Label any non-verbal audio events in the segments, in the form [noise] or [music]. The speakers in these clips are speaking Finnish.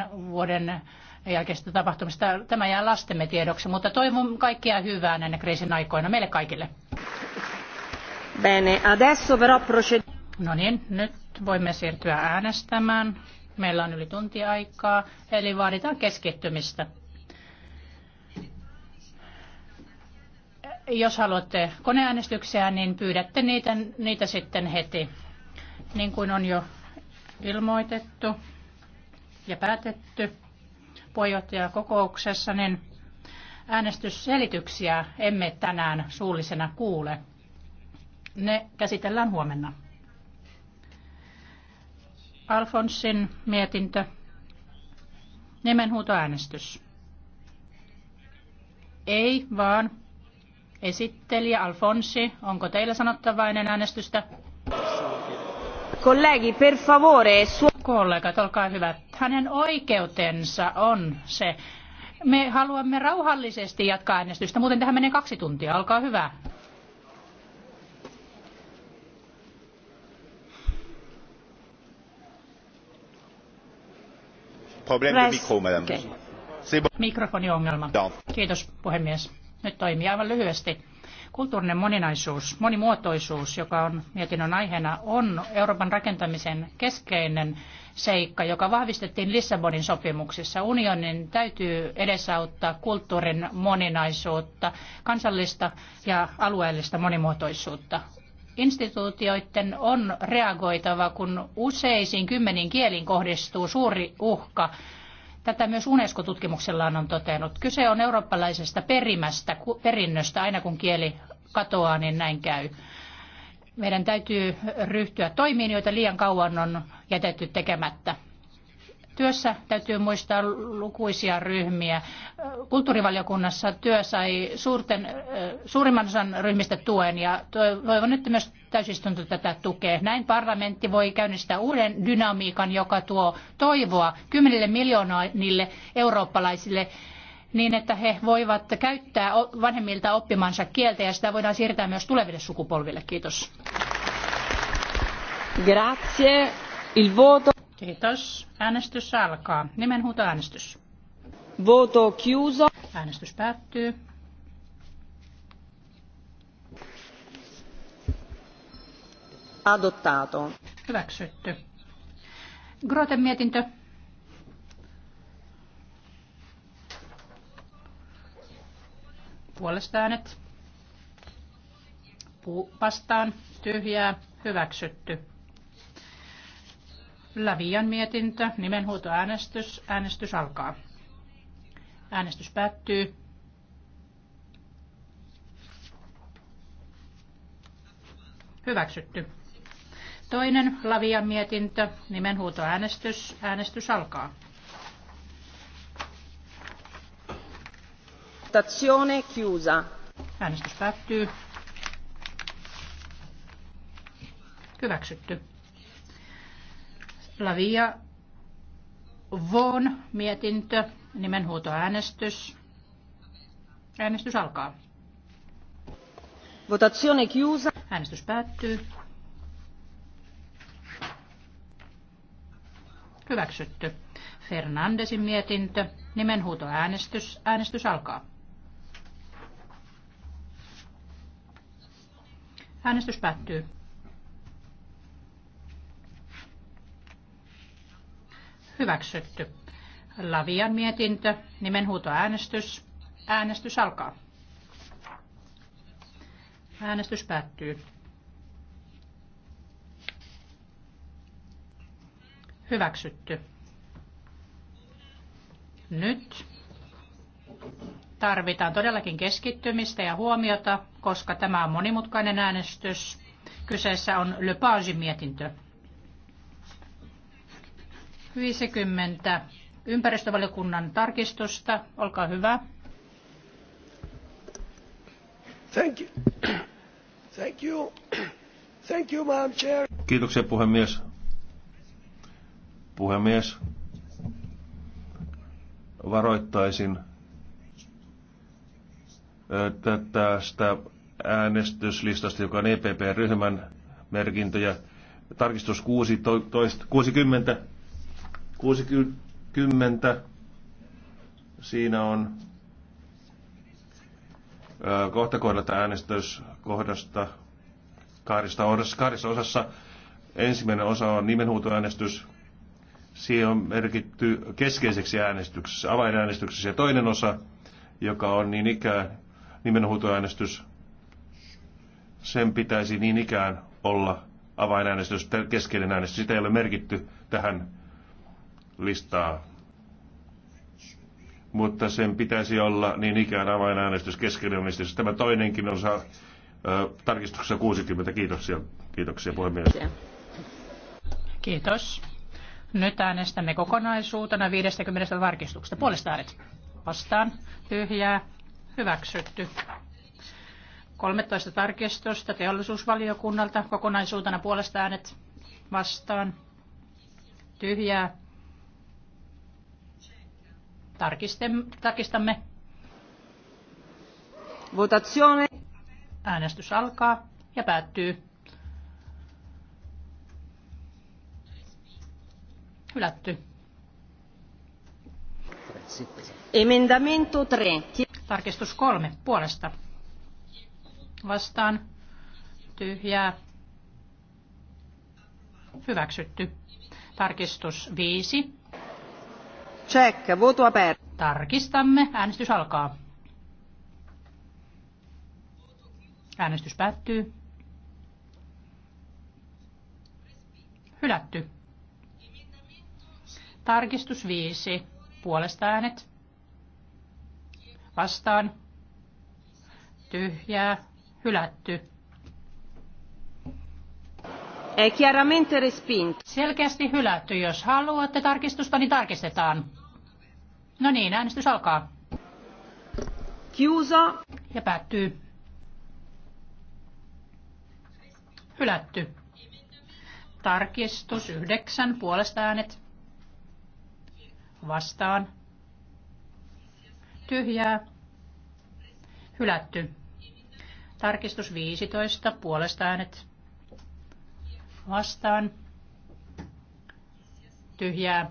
kymmenen vuoden jälkeisistä tapahtumista. Tämä jää lastemme tiedoksi, mutta toivon kaikkea hyvää näinä kriisin aikoina meille kaikille. Bene, adesso però proced- no niin, nyt voimme siirtyä äänestämään. Meillä on yli tunti aikaa, eli vaaditaan keskittymistä. Jos haluatte koneäänestyksiä, niin pyydätte niitä, niitä sitten heti, niin kuin on jo ilmoitettu ja päätetty puheenjohtajakokouksessa, niin äänestysselityksiä emme tänään suullisena kuule. Ne käsitellään huomenna. Alfonsin mietintö. Nimenhuutoäänestys. Ei, vaan esittelijä Alfonsi, onko teillä sanottavaa äänestystä? Kollegi, per favore, su- kollegat, olkaa hyvät. Hänen oikeutensa on se. Me haluamme rauhallisesti jatkaa äänestystä, muuten tähän menee kaksi tuntia. Olkaa hyvä. Mikrofoniongelma. Kiitos puhemies. Nyt toimii aivan lyhyesti Kulttuurinen moninaisuus, monimuotoisuus, joka on mietinnön aiheena, on Euroopan rakentamisen keskeinen seikka, joka vahvistettiin Lissabonin sopimuksessa. Unionin täytyy edesauttaa kulttuurin moninaisuutta, kansallista ja alueellista monimuotoisuutta instituutioiden on reagoitava, kun useisiin kymmeniin kieliin kohdistuu suuri uhka Tätä myös UNESCO-tutkimuksellaan on totenut. Kyse on eurooppalaisesta perimästä, perinnöstä. Aina kun kieli katoaa, niin näin käy. Meidän täytyy ryhtyä toimiin, joita liian kauan on jätetty tekemättä. Työssä täytyy muistaa lukuisia ryhmiä. Kulttuurivaliokunnassa työ sai suurten, suurimman osan ryhmistä tuen ja toivon, että myös täysistunto tätä tukee. Näin parlamentti voi käynnistää uuden dynamiikan, joka tuo toivoa kymmenille miljoonille eurooppalaisille niin, että he voivat käyttää vanhemmilta oppimansa kieltä ja sitä voidaan siirtää myös tuleville sukupolville. Kiitos. Grazie. Il voto. Kiitos. Äänestys alkaa. äänestys. Voto chiuso. Äänestys päättyy. adottato. Hyväksytty. Groten mietintö. Puolesta äänet. Pu- vastaan. Tyhjää. Hyväksytty. Lavian mietintö. Nimenhuutoäänestys. Äänestys alkaa. Äänestys päättyy. Hyväksytty. Toinen Lavian mietintö, nimenhuutoäänestys. Äänestys alkaa. Votazione chiusa. Äänestys päättyy. Hyväksytty. Lavia Von mietintö, nimenhuutoäänestys. Äänestys alkaa. Votazione chiusa. Äänestys päättyy. Hyväksytty. Fernandesin mietintö. Nimenhuutoäänestys. Äänestys alkaa. Äänestys päättyy. Hyväksytty. Lavian mietintö. Nimenhuutoäänestys. Äänestys alkaa. Äänestys päättyy. Hyväksytty. Nyt tarvitaan todellakin keskittymistä ja huomiota, koska tämä on monimutkainen äänestys. Kyseessä on Lepagin mietintö. 50 ympäristövaliokunnan tarkistusta. Olkaa hyvä. Thank you. Thank you. Thank you, Madam Chair. Kiitoksia puhemies. Puhemies, varoittaisin tästä äänestyslistasta, joka on EPP-ryhmän merkintöjä. Tarkistus 16, 60, 60. Siinä on kohta kohdalta äänestyskohdasta kahdesta osassa. Ensimmäinen osa on nimenhuutoäänestys, Siihen on merkitty keskeiseksi äänestyksessä, avainäänestyksessä. Ja toinen osa, joka on niin ikään nimenhuutoäänestys, sen pitäisi niin ikään olla avainäänestys, keskeinen äänestys. Sitä ei ole merkitty tähän listaan. Mutta sen pitäisi olla niin ikään avainäänestys, keskeinen äänestys. Tämä toinenkin osa ö, tarkistuksessa 60. Kiitoksia, kiitoksia puhemies. Kiitos. Nyt äänestämme kokonaisuutena 50 tarkistuksesta. Puolesta äänet. Vastaan. Tyhjää. Hyväksytty. 13 tarkistusta teollisuusvaliokunnalta. Kokonaisuutena puolesta äänet. Vastaan. Tyhjää. Tarkistamme. Votazione. Äänestys alkaa ja päättyy. Hylätty. Emendamento 3. Tarkistus kolme puolesta. Vastaan. Tyhjää. Hyväksytty. Tarkistus viisi. Check. Voto aperto. Tarkistamme. Äänestys alkaa. Äänestys päättyy. Hylätty. Tarkistus 5. Puolesta äänet. Vastaan. Tyhjää. Hylätty. È chiaramente respinto. Selkeästi hylätty. Jos haluatte tarkistusta, niin tarkistetaan. No niin, äänestys alkaa. Kiusa. Ja päättyy. Hylätty. Tarkistus yhdeksän puolesta äänet vastaan. Tyhjää. Hylätty. Tarkistus 15. Puolesta äänet vastaan. Tyhjää.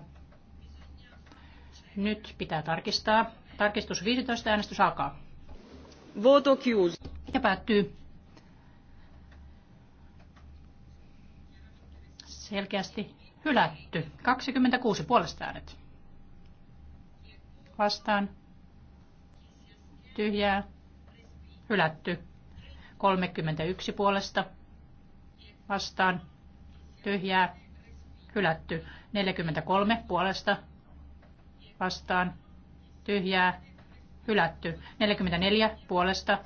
Nyt pitää tarkistaa. Tarkistus 15. Äänestys alkaa. Voto kius. Ja päättyy. Selkeästi hylätty. 26 puolesta äänet vastaan tyhjää hylätty. 31 puolesta vastaan tyhjää hylätty. 43 puolesta vastaan tyhjää hylätty. 44 puolesta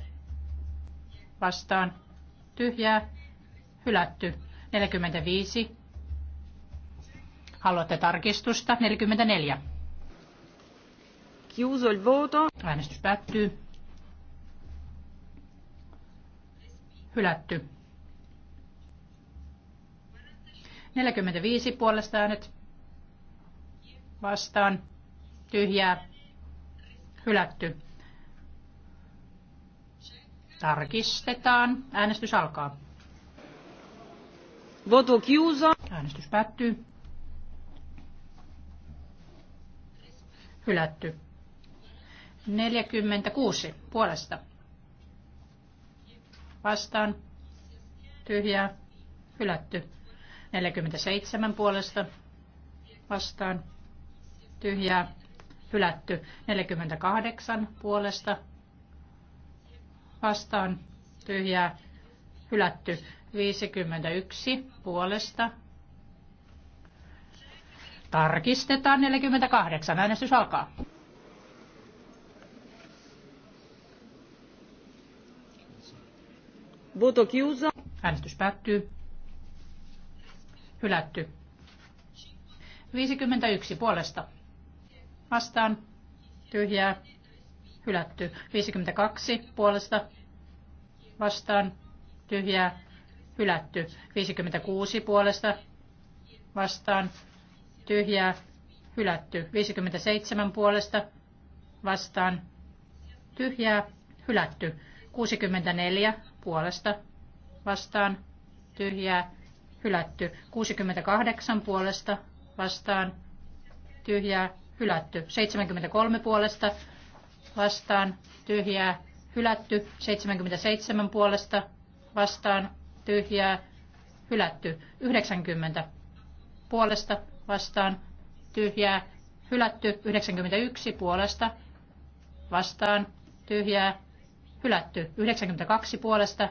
vastaan tyhjää hylätty. 45 Haluatte tarkistusta? 44. Chiuso il voto. Äänestys päättyy. Hylätty. 45 puolesta äänet. Vastaan. Tyhjää. Hylätty. Tarkistetaan. Äänestys alkaa. Voto chiuso. Äänestys päättyy. Hylätty. 46 puolesta. Vastaan. Tyhjää. Hylätty. 47 puolesta. Vastaan. Tyhjää. Hylätty. 48 puolesta. Vastaan. Tyhjää. Hylätty. 51 puolesta. Tarkistetaan 48. Äänestys alkaa. Voto chiuso. Äänestys päättyy. Hylätty. 51 puolesta. Vastaan. Tyhjää. Hylätty. 52 puolesta. Vastaan. Tyhjää. Hylätty. 56 puolesta. Vastaan. Tyhjää. Hylätty. 57 puolesta. Vastaan. Tyhjää. Hylätty. 64 puolesta vastaan tyhjää hylätty. 68 puolesta vastaan tyhjää hylätty. 73 puolesta vastaan tyhjää hylätty. 77 puolesta vastaan tyhjää hylätty. 90 puolesta vastaan tyhjää hylätty. 91 puolesta vastaan tyhjää hylätty. 92 puolesta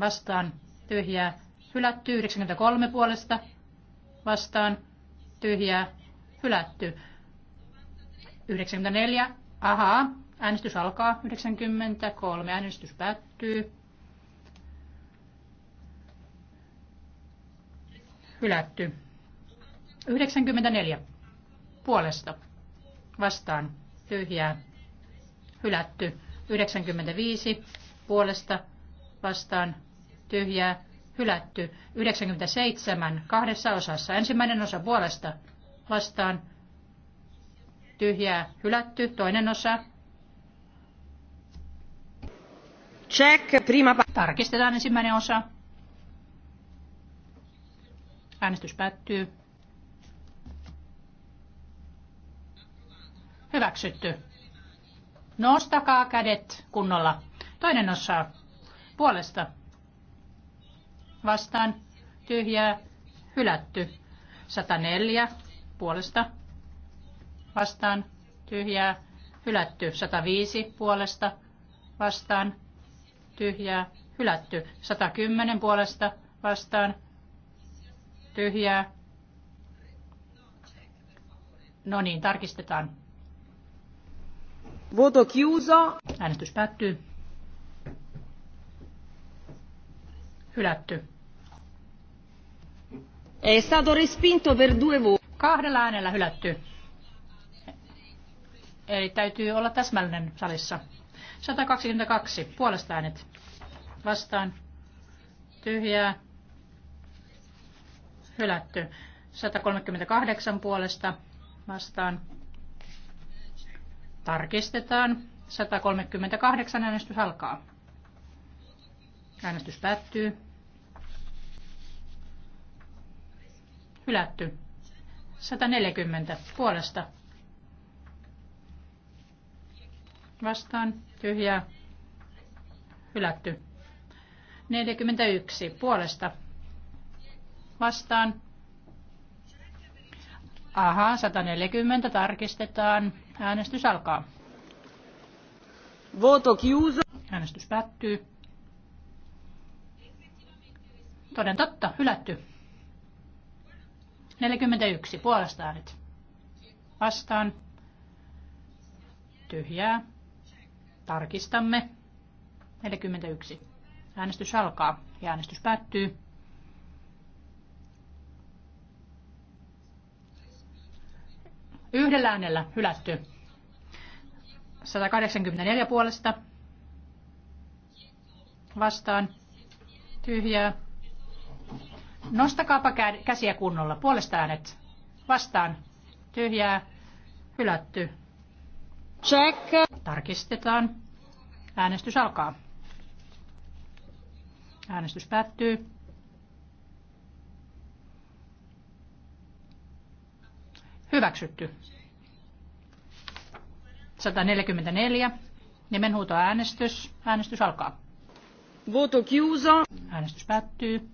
vastaan tyhjää, hylätty. 93 puolesta vastaan tyhjää, hylätty. 94, ahaa, äänestys alkaa. 93, äänestys päättyy. Hylätty. 94 puolesta vastaan tyhjää, hylätty. 95 puolesta vastaan tyhjää hylätty. 97 kahdessa osassa. Ensimmäinen osa puolesta vastaan tyhjää hylätty. Toinen osa Check, prima... Tarkistetaan ensimmäinen osa. Äänestys päättyy. Hyväksytty. Nostakaa kädet kunnolla. Toinen osa puolesta. Vastaan. Tyhjää. Hylätty. 104 puolesta. Vastaan. Tyhjää. Hylätty. 105 puolesta. Vastaan. Tyhjää. Hylätty. 110 puolesta. Vastaan. Tyhjää. No niin, tarkistetaan. Voto chiuso. Äänestys päättyy. Hylätty. È stato respinto per due voti. Kahdella äänellä hylätty. Eli täytyy olla täsmällinen salissa. 122. Puolesta äänet. Vastaan. Tyhjää. Hylätty. 138 puolesta. Vastaan Tarkistetaan. 138 äänestys alkaa. Äänestys päättyy. Hylätty. 140 puolesta. Vastaan. Tyhjää. Hylätty. 41 puolesta. Vastaan. Aha, 140 tarkistetaan. Äänestys alkaa. Voto chiuso. Äänestys päättyy. Toden totta, hylätty. 41 puolesta äänet. Vastaan. Tyhjää. Tarkistamme. 41. Äänestys alkaa ja äänestys päättyy. Yhdellä äänellä hylätty. 184 puolesta. Vastaan. Tyhjää. Nostakaapa käsiä kunnolla. Puolesta äänet. Vastaan. Tyhjää. Hylätty. Check. Tarkistetaan. Äänestys alkaa. Äänestys päättyy. Hyväksytty. 144. Nimenhuutoäänestys. Äänestys alkaa. Voto chiuso. Äänestys päättyy.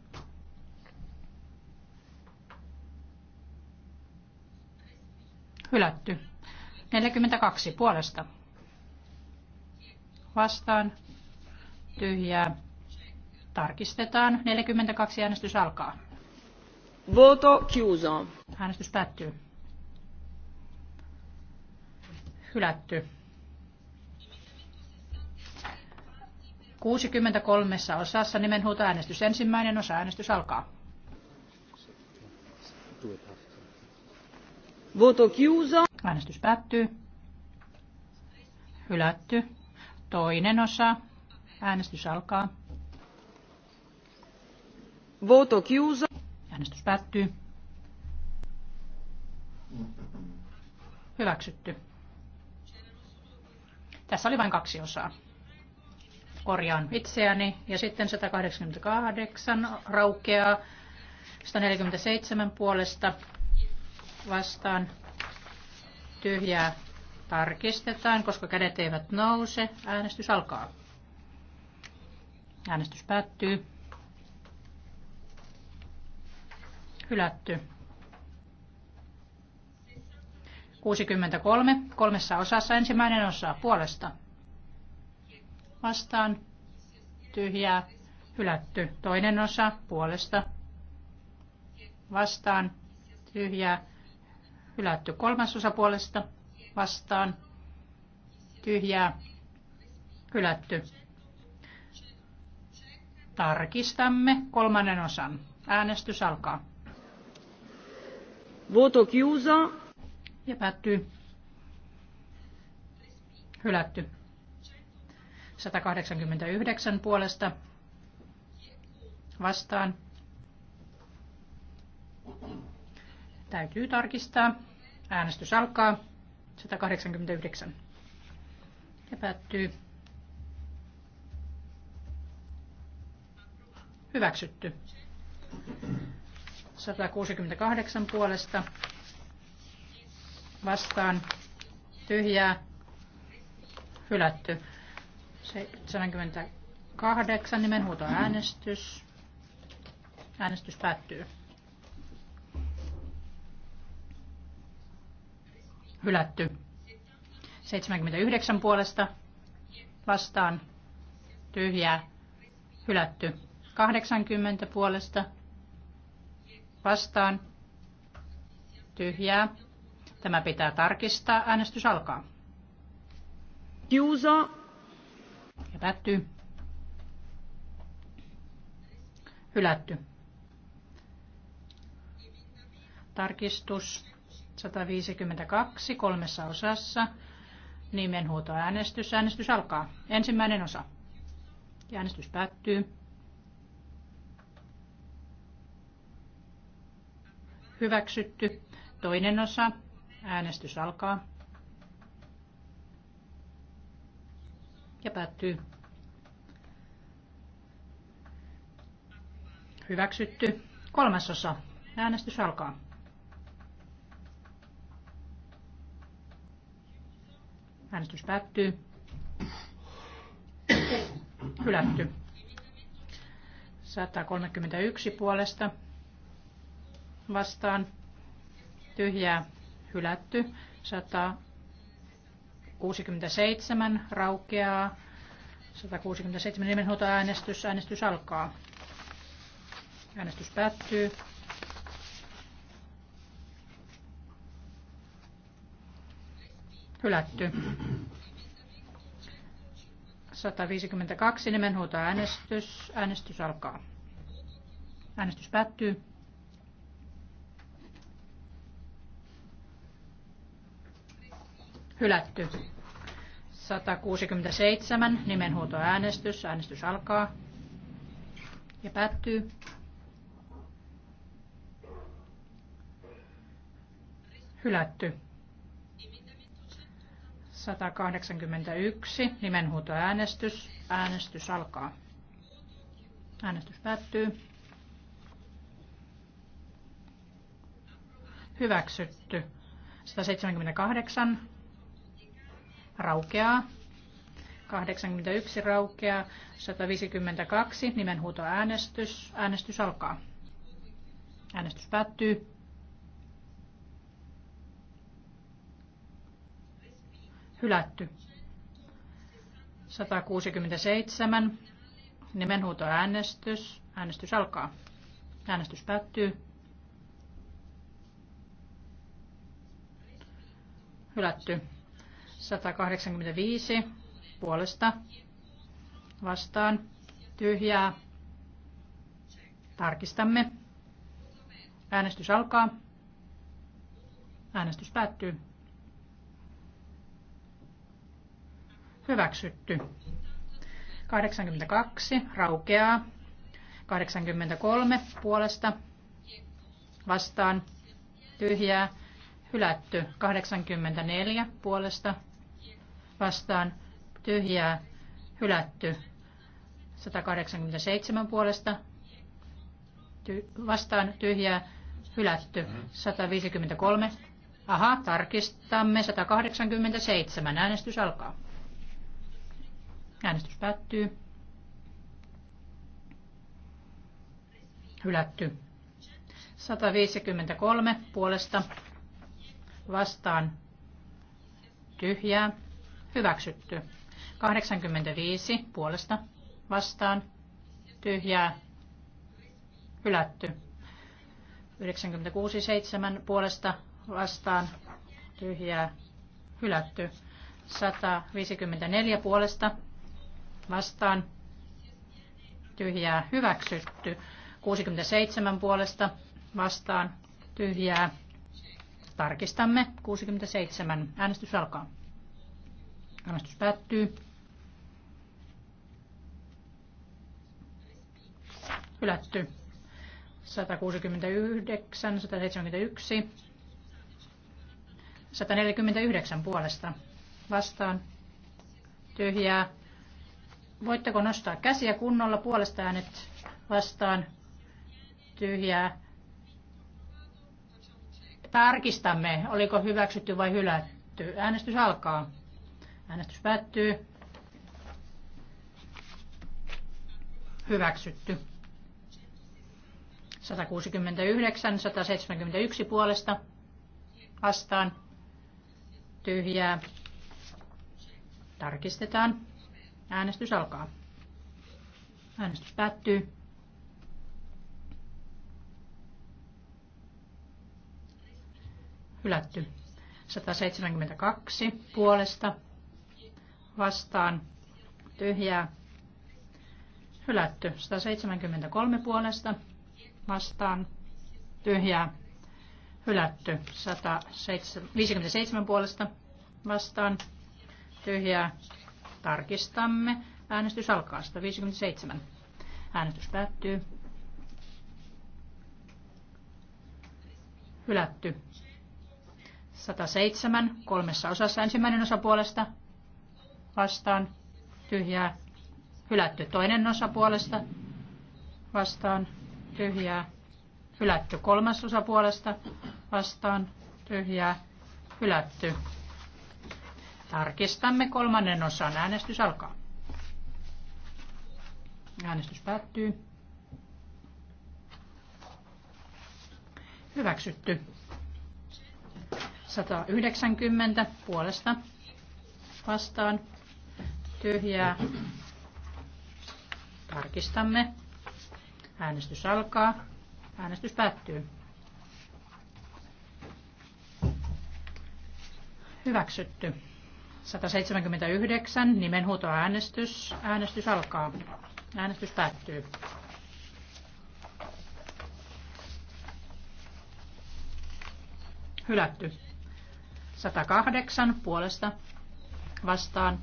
Hylätty. 42 puolesta. Vastaan. Tyhjää. Tarkistetaan. 42 äänestys alkaa. Voto chiuso. Äänestys päättyy. Hylätty. 63 osassa äänestys. Ensimmäinen osa äänestys alkaa. Voto chiuso. Äänestys päättyy. Hylätty. Toinen osa. Äänestys alkaa. Voto chiuso. Äänestys päättyy. Hyväksytty. Tässä oli vain kaksi osaa. Korjaan itseäni. Ja sitten 188 raukeaa 147 puolesta vastaan tyhjää tarkistetaan, koska kädet eivät nouse. Äänestys alkaa. Äänestys päättyy. Hylätty. 63 kolmessa osassa. Ensimmäinen osa puolesta. Vastaan. Tyhjää. Hylätty. Toinen osa puolesta. Vastaan. Tyhjää. Hylätty. Kolmas osa puolesta. Vastaan. Tyhjää. Hylätty. Tarkistamme kolmannen osan. Äänestys alkaa. Voto kiusa ja päättyy. Hylätty. 189 puolesta vastaan. Täytyy tarkistaa. Äänestys alkaa. 189. Ja päättyy. Hyväksytty. 168 puolesta vastaan tyhjää hylätty. 78 nimenhuuto äänestys. Äänestys päättyy. Hylätty. 79 puolesta vastaan tyhjää hylätty. 80 puolesta vastaan tyhjää Tämä pitää tarkistaa. Äänestys alkaa. Juuso. Ja päättyy. Hylätty. Tarkistus 152 kolmessa osassa. Nimenhuutoäänestys. Äänestys alkaa. Ensimmäinen osa. Ja äänestys päättyy. Hyväksytty. Toinen osa. Äänestys alkaa. Ja päättyy. Hyväksytty. Kolmasosa. Äänestys alkaa. Äänestys päättyy. Hylätty. 131 puolesta vastaan. Tyhjää hylätty. 167 raukeaa. 167 nimenhuuto Äänestys äänestys alkaa. Äänestys päättyy. Hylätty. 152 äänestys Äänestys alkaa. Äänestys päättyy. Hylätty. 167. Nimenhuutoäänestys. Äänestys alkaa ja päättyy. Hylätty. 181. Nimenhuutoäänestys. Äänestys alkaa. Äänestys päättyy. Hyväksytty. 178 raukeaa. 81 raukeaa. 152 nimenhuutoäänestys. Äänestys alkaa. Äänestys päättyy. Hylätty. 167. Nimenhuutoäänestys. Äänestys alkaa. Äänestys päättyy. Hylätty. 185 puolesta vastaan tyhjää. Tarkistamme. Äänestys alkaa. Äänestys päättyy. Hyväksytty. 82 raukeaa. 83 puolesta vastaan tyhjää. Hylätty 84 puolesta vastaan tyhjää hylätty. 187 puolesta ty- vastaan tyhjää hylätty. 153. Mhm. Aha, tarkistamme. 187. Äänestys alkaa. Äänestys päättyy. Hylätty. 153 puolesta vastaan tyhjää Hyväksytty. 85 puolesta vastaan. Tyhjää. Hylätty. 96.7 puolesta vastaan. Tyhjää. Hylätty. 154 puolesta vastaan. Tyhjää. Hyväksytty. 67 puolesta vastaan. Tyhjää. Tarkistamme. 67. Äänestys alkaa. Äänestys päättyy. Hylätty. 169, 171, 149 puolesta vastaan. Tyhjää. Voitteko nostaa käsiä kunnolla puolesta äänet vastaan? Tyhjää. Tarkistamme, oliko hyväksytty vai hylätty. Äänestys alkaa. Äänestys päättyy. Hyväksytty. 169, 171 puolesta vastaan. Tyhjää. Tarkistetaan. Äänestys alkaa. Äänestys päättyy. Hylätty. 172 puolesta vastaan tyhjää hylätty. 173 puolesta vastaan tyhjää hylätty. 157 puolesta vastaan tyhjää tarkistamme. Äänestys alkaa 157. Äänestys päättyy. Hylätty. 107 kolmessa osassa ensimmäinen osa puolesta vastaan, tyhjää, hylätty. Toinen osa puolesta vastaan, tyhjää, hylätty. Kolmas osa puolesta vastaan, tyhjää, hylätty. Tarkistamme kolmannen osan. Äänestys alkaa. Äänestys päättyy. Hyväksytty. 190 puolesta vastaan tyhjää. Tarkistamme. Äänestys alkaa. Äänestys päättyy. Hyväksytty. 179. Nimenhuutoäänestys. Äänestys alkaa. Äänestys päättyy. Hylätty. 108 puolesta vastaan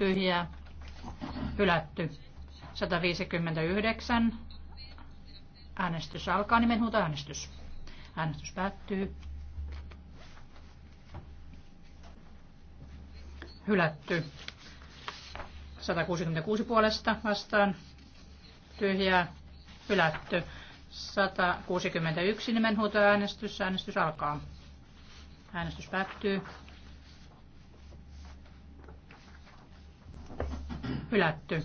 tyhjää, hylätty. 159. Äänestys alkaa, huuta äänestys. Äänestys päättyy. Hylätty. 166 puolesta vastaan. Tyhjää. Hylätty. 161 nimenhuutoäänestys. Äänestys alkaa. Äänestys päättyy. Hylätty.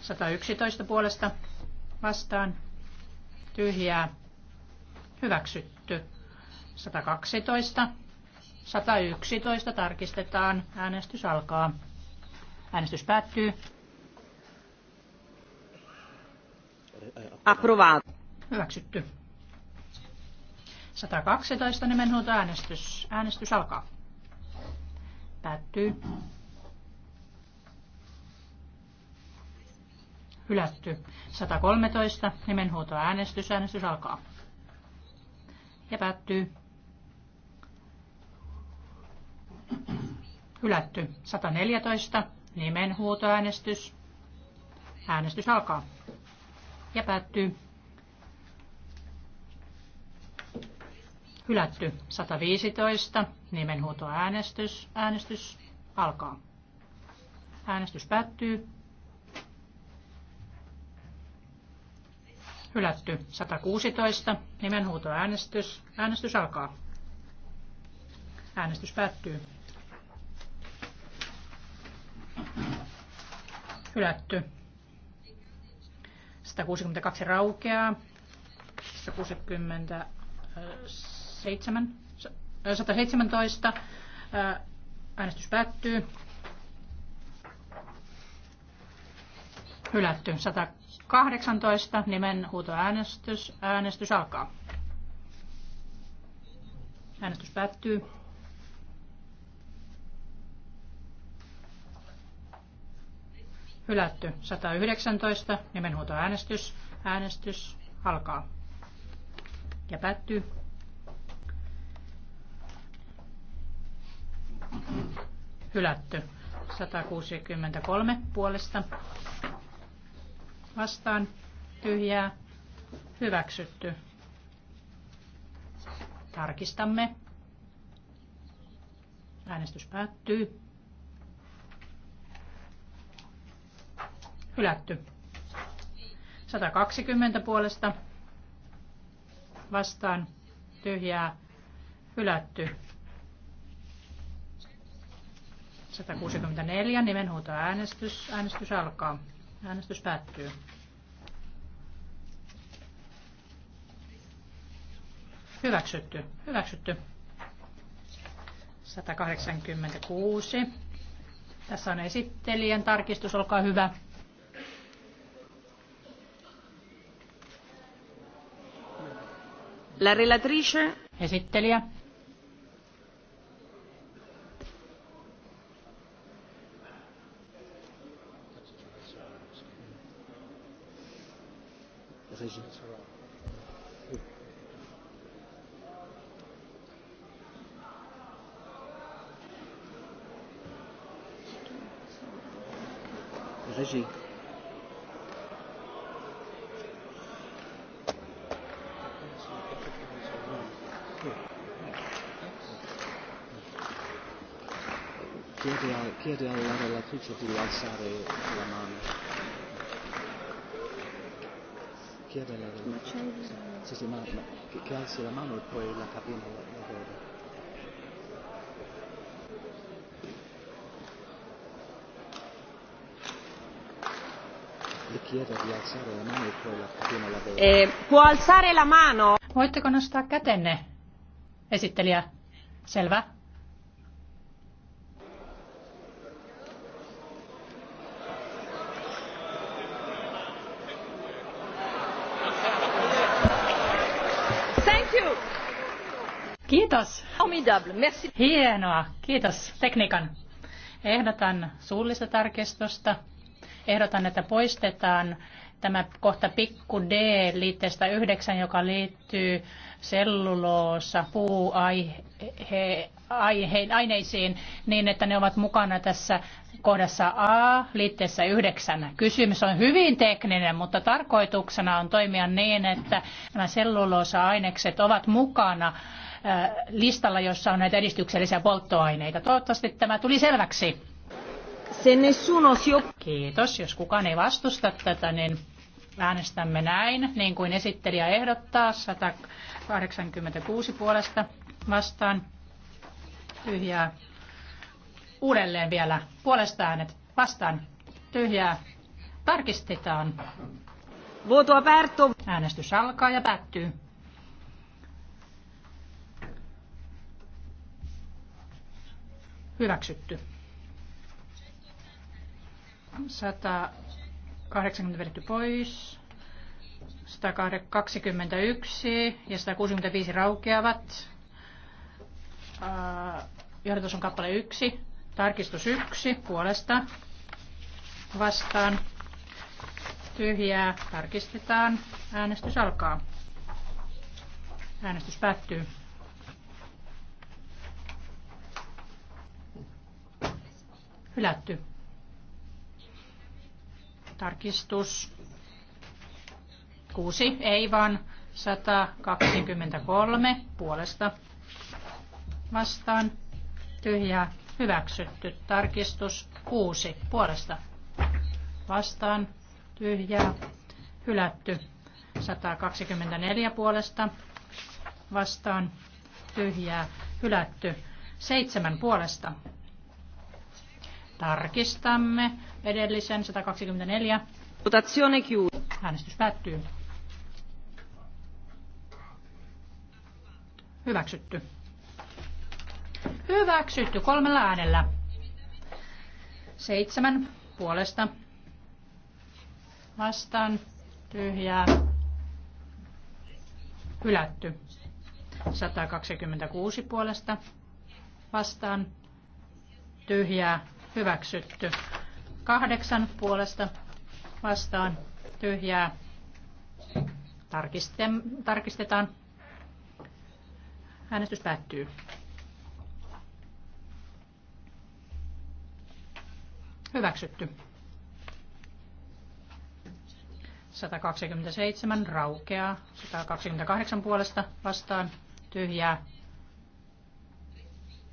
111 puolesta vastaan. Tyhjää. Hyväksytty. 112. 111 tarkistetaan. Äänestys alkaa. Äänestys päättyy. Approvato. Hyväksytty. 112 nimenhuuto äänestys. Äänestys alkaa. Päättyy. hylätty. 113, nimenhuuto äänestys, äänestys alkaa. Ja päättyy. Hylätty. 114, Nimenhuuto Äänestys alkaa. Ja päättyy. Hylätty. 115, äänestys. Äänestys alkaa. Äänestys päättyy. Hylätty. 116. Nimenhuutoäänestys. Äänestys alkaa. Äänestys päättyy. Hylätty. 162 raukeaa. 167. 117. Äänestys päättyy. Hylätty. 100 18. Nimenhuutoäänestys. Äänestys alkaa. Äänestys päättyy. Hylätty. 119. Nimenhuutoäänestys. Äänestys alkaa. Ja päättyy. Hylätty. 163 puolesta vastaan tyhjää hyväksytty. Tarkistamme. Äänestys päättyy. Hylätty. 120 puolesta vastaan tyhjää hylätty. 164 nimenhuutoäänestys. Äänestys alkaa. Äänestys päättyy. Hyväksytty. Hyväksytty. 186. Tässä on esittelijän tarkistus, olkaa hyvä. La relatrice. Esittelijä. decision. Régis. Chiede, chiede alla relatrice di alzare la mano. chiede la ma sì, sì, ma, che, che alzi la mano e poi la cabina la, la vede e Eh, può alzare la mano? Voitteko nostaa kätenne, esittelijä? Selvä. Kiitos. Formidable. Merci. Hienoa. Kiitos tekniikan. Ehdotan suullista tarkistusta. Ehdotan, että poistetaan tämä kohta pikku D liitteestä 9, joka liittyy selluloosa puuaineisiin, niin että ne ovat mukana tässä kohdassa A liitteessä 9. Kysymys on hyvin tekninen, mutta tarkoituksena on toimia niin, että nämä selluloosa-ainekset ovat mukana listalla, jossa on näitä edistyksellisiä polttoaineita. Toivottavasti tämä tuli selväksi. Kiitos. Jos kukaan ei vastusta tätä, niin äänestämme näin, niin kuin esittelijä ehdottaa, 186 puolesta vastaan. Tyhjää. Uudelleen vielä puolesta äänet vastaan. Tyhjää. Tarkistetaan. Vuoto Äänestys alkaa ja päättyy. Hyväksytty. 180 vedetty pois. 121 ja 165 raukeavat. Johdatus on kappale 1. Tarkistus 1 puolesta. Vastaan. Tyhjää. Tarkistetaan. Äänestys alkaa. Äänestys päättyy. Hylätty. Tarkistus. Kuusi, ei vaan 123 puolesta vastaan. Tyhjää hyväksytty. Tarkistus 6 puolesta vastaan. Tyhjää hylätty. 124 puolesta vastaan. Tyhjää hylätty. 7 puolesta Tarkistamme edellisen 124. Votazione chiusa. Äänestys päättyy. Hyväksytty. Hyväksytty kolmella äänellä. Seitsemän puolesta. Vastaan. Tyhjää. Hylätty. 126 puolesta. Vastaan. Tyhjää hyväksytty. Kahdeksan puolesta vastaan tyhjää. Tarkistetaan. Äänestys päättyy. Hyväksytty. 127 raukeaa, 128 puolesta vastaan tyhjää,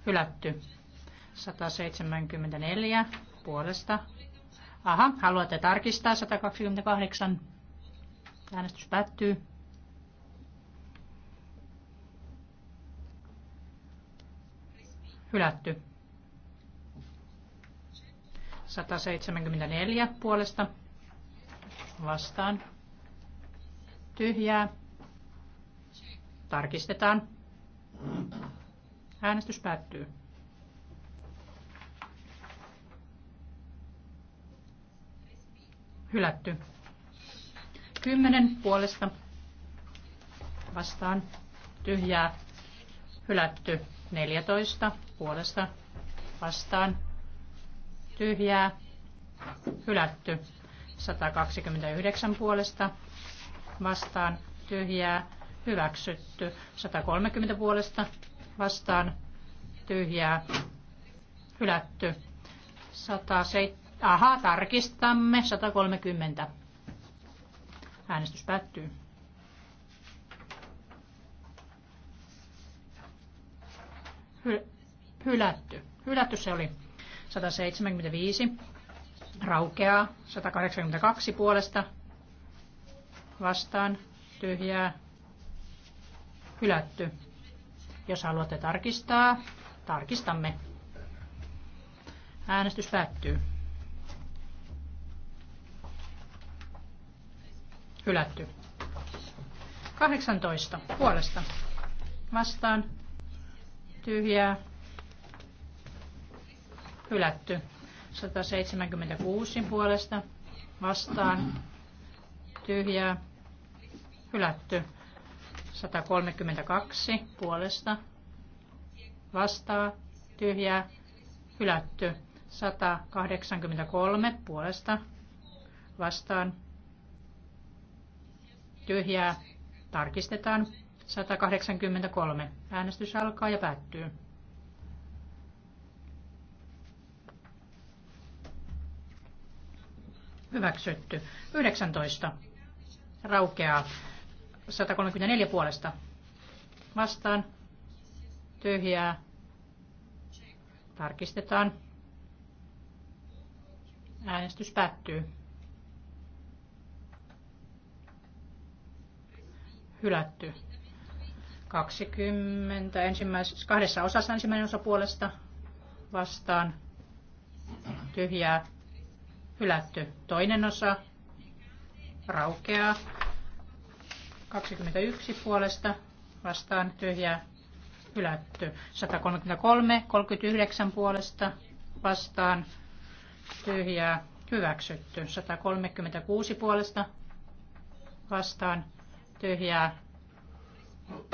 hylätty. 174 puolesta. Aha, haluatte tarkistaa 128. Äänestys päättyy. Hylätty. 174 puolesta vastaan. Tyhjää. Tarkistetaan. Äänestys päättyy. hylätty. Kymmenen puolesta vastaan tyhjää hylätty. 14 puolesta vastaan tyhjää hylätty. 129 puolesta vastaan tyhjää hyväksytty. 130 puolesta vastaan tyhjää hylätty. 107 Aha, tarkistamme. 130. Äänestys päättyy. Hylätty. Hylätty se oli. 175. Raukeaa. 182 puolesta. Vastaan. Tyhjää. Hylätty. Jos haluatte tarkistaa, tarkistamme. Äänestys päättyy. Hylätty. 18. Puolesta. Vastaan. Tyhjää. Hylätty. 176 puolesta. Vastaan. Tyhjää. Hylätty. 132 puolesta. Vastaa. Tyhjää. Hylätty. 183 puolesta. Vastaan tyhjää, tarkistetaan. 183. Äänestys alkaa ja päättyy. Hyväksytty. 19. Raukeaa. 134 puolesta. Vastaan. Tyhjää. Tarkistetaan. Äänestys päättyy. hylätty. 20 ensimmäisessä kahdessa osassa ensimmäinen osa puolesta vastaan tyhjää hylätty. Toinen osa raukeaa. 21 puolesta vastaan tyhjää hylätty. 133, 39 puolesta vastaan tyhjää hyväksytty. 136 puolesta vastaan tyhjää,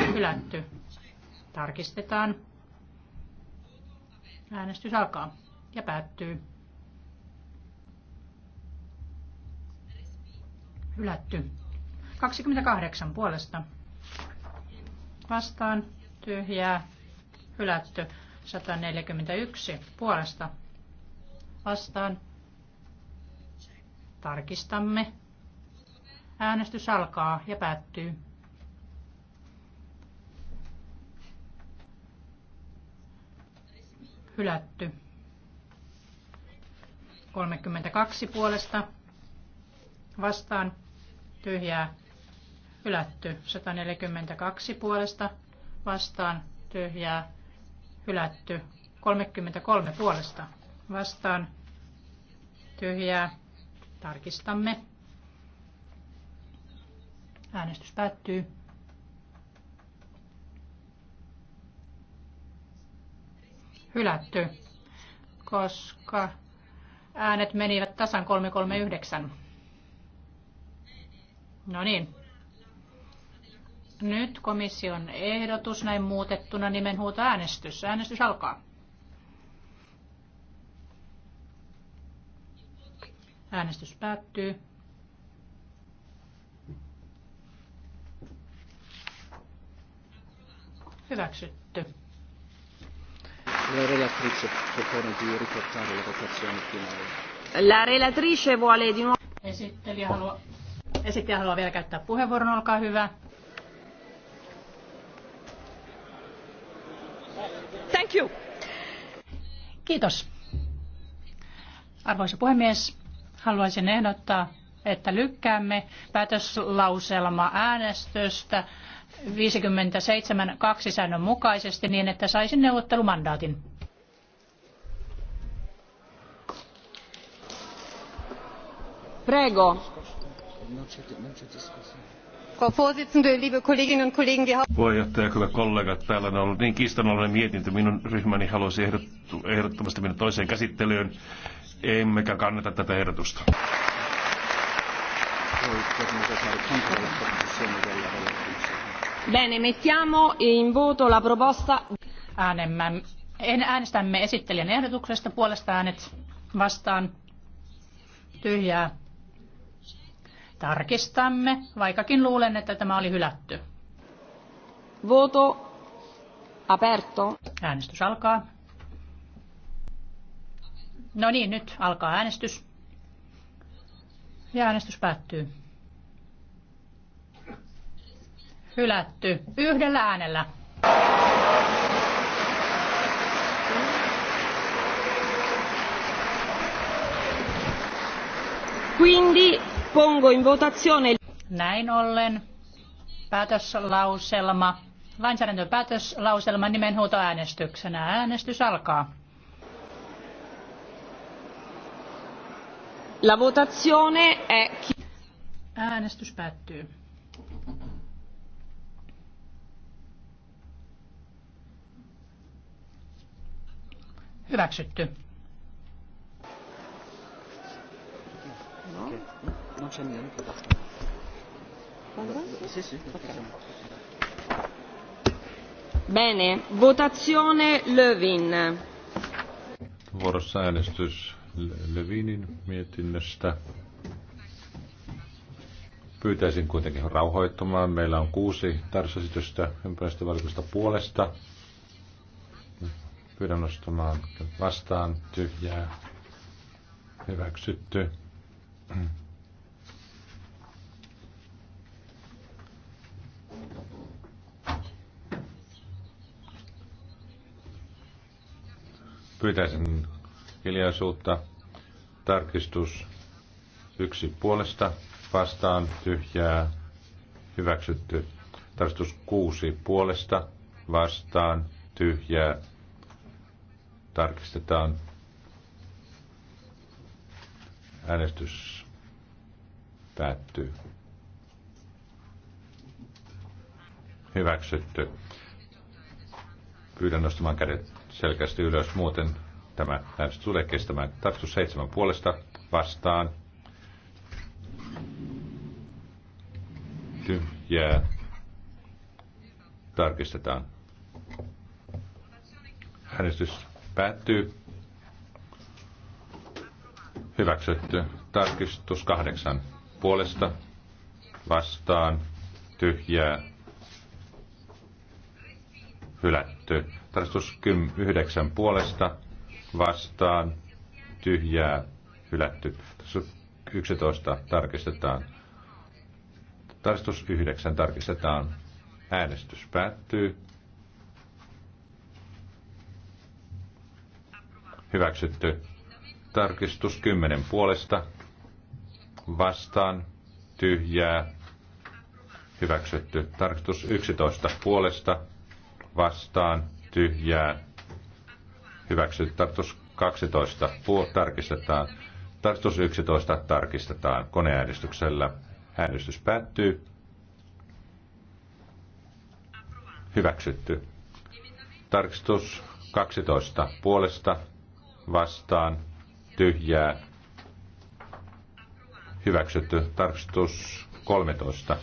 hylätty. Tarkistetaan. Äänestys alkaa ja päättyy. Hylätty. 28 puolesta. Vastaan tyhjää, hylätty. 141 puolesta. Vastaan. Tarkistamme. Äänestys alkaa ja päättyy. Hylätty. 32 puolesta vastaan tyhjää hylätty. 142 puolesta vastaan tyhjää hylätty. 33 puolesta vastaan tyhjää. Tarkistamme. Äänestys päättyy. Hylätty, koska äänet menivät tasan 339. No niin. Nyt komission ehdotus näin muutettuna nimenhuuto äänestys. Äänestys alkaa. Äänestys päättyy. Hyväksytty. La relatrice la La vuole di nuovo... Esittelijä haluaa, esittelijä haluaa vielä käyttää puheenvuoron, olkaa hyvä. Thank you. Kiitos. Arvoisa puhemies, haluaisin ehdottaa, että lykkäämme päätöslauselma äänestystä 57 2 säännön mukaisesti niin, että saisin neuvottelumandaatin. Prego. Puheenjohtaja, hyvät kollegat, täällä on ollut niin kiistanalainen mietintö. Minun ryhmäni haluaisi ehdottomasti mennä toiseen käsittelyyn. Emmekä kannata tätä ehdotusta. Bene, mettiamo in voto la proposta. äänestämme esittelijän ehdotuksesta puolesta äänet vastaan tyhjää. Tarkistamme, vaikkakin luulen, että tämä oli hylätty. Voto aperto. Äänestys alkaa. No niin, nyt alkaa äänestys. Ja äänestys päättyy. Hylätty. Yhdellä äänellä. Quindi pongo in votazione. Näin ollen päätöslauselma, lainsäädäntöpäätöslauselma äänestyksenä. Äänestys alkaa. La votazione è... Äänestys päättyy. Hyväksytty. Bene, votazione Lövin. Vuorossa äänestys Lövinin mietinnöstä. Pyytäisin kuitenkin rauhoittumaan. Meillä on kuusi tarsasitystä ympäristövalikosta puolesta Pyydän nostamaan vastaan tyhjää. Hyväksytty. Pyytäisin hiljaisuutta. Tarkistus yksi puolesta vastaan tyhjää hyväksytty. Tarkistus kuusi puolesta vastaan tyhjää tarkistetaan. Äänestys päättyy. Hyväksytty. Pyydän nostamaan kädet selkeästi ylös, muuten tämä äänestys tulee kestämään. Tarkistus seitsemän puolesta vastaan. Tyhjää. Tarkistetaan. Äänestys Päättyy. Hyväksytty. Tarkistus kahdeksan. Puolesta. Vastaan. Tyhjää. Hylätty. Tarkistus yhdeksän puolesta. Vastaan. Tyhjää. Hylätty. Tarkistus 11 tarkistetaan. Tarkistus 9 tarkistetaan. Äänestys päättyy. Hyväksytty. Tarkistus 10 puolesta. Vastaan. Tyhjää. Hyväksytty. Tarkistus 11 puolesta. Vastaan. Tyhjää. Hyväksytty. Tarkistus 12 puolesta. tarkistetaan. Tarkistus 11 tarkistetaan koneäänestyksellä. Äänestys päättyy. Hyväksytty. Tarkistus 12 puolesta vastaan tyhjää hyväksytty. Tarkistus 13.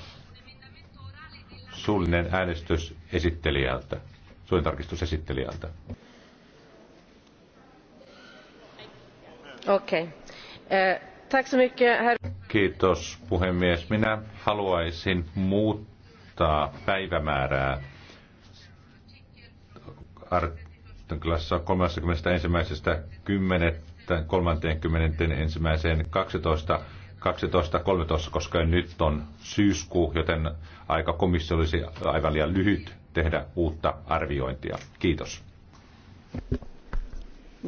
Suullinen äänestys esittelijältä. Suullinen tarkistus esittelijältä. Okei. Okay. Eh, Kiitos puhemies. Minä haluaisin muuttaa päivämäärää Ar- artiklassa 31.10.31.12. 12.13, koska nyt on syyskuu, joten aika komissio olisi aivan liian lyhyt tehdä uutta arviointia. Kiitos.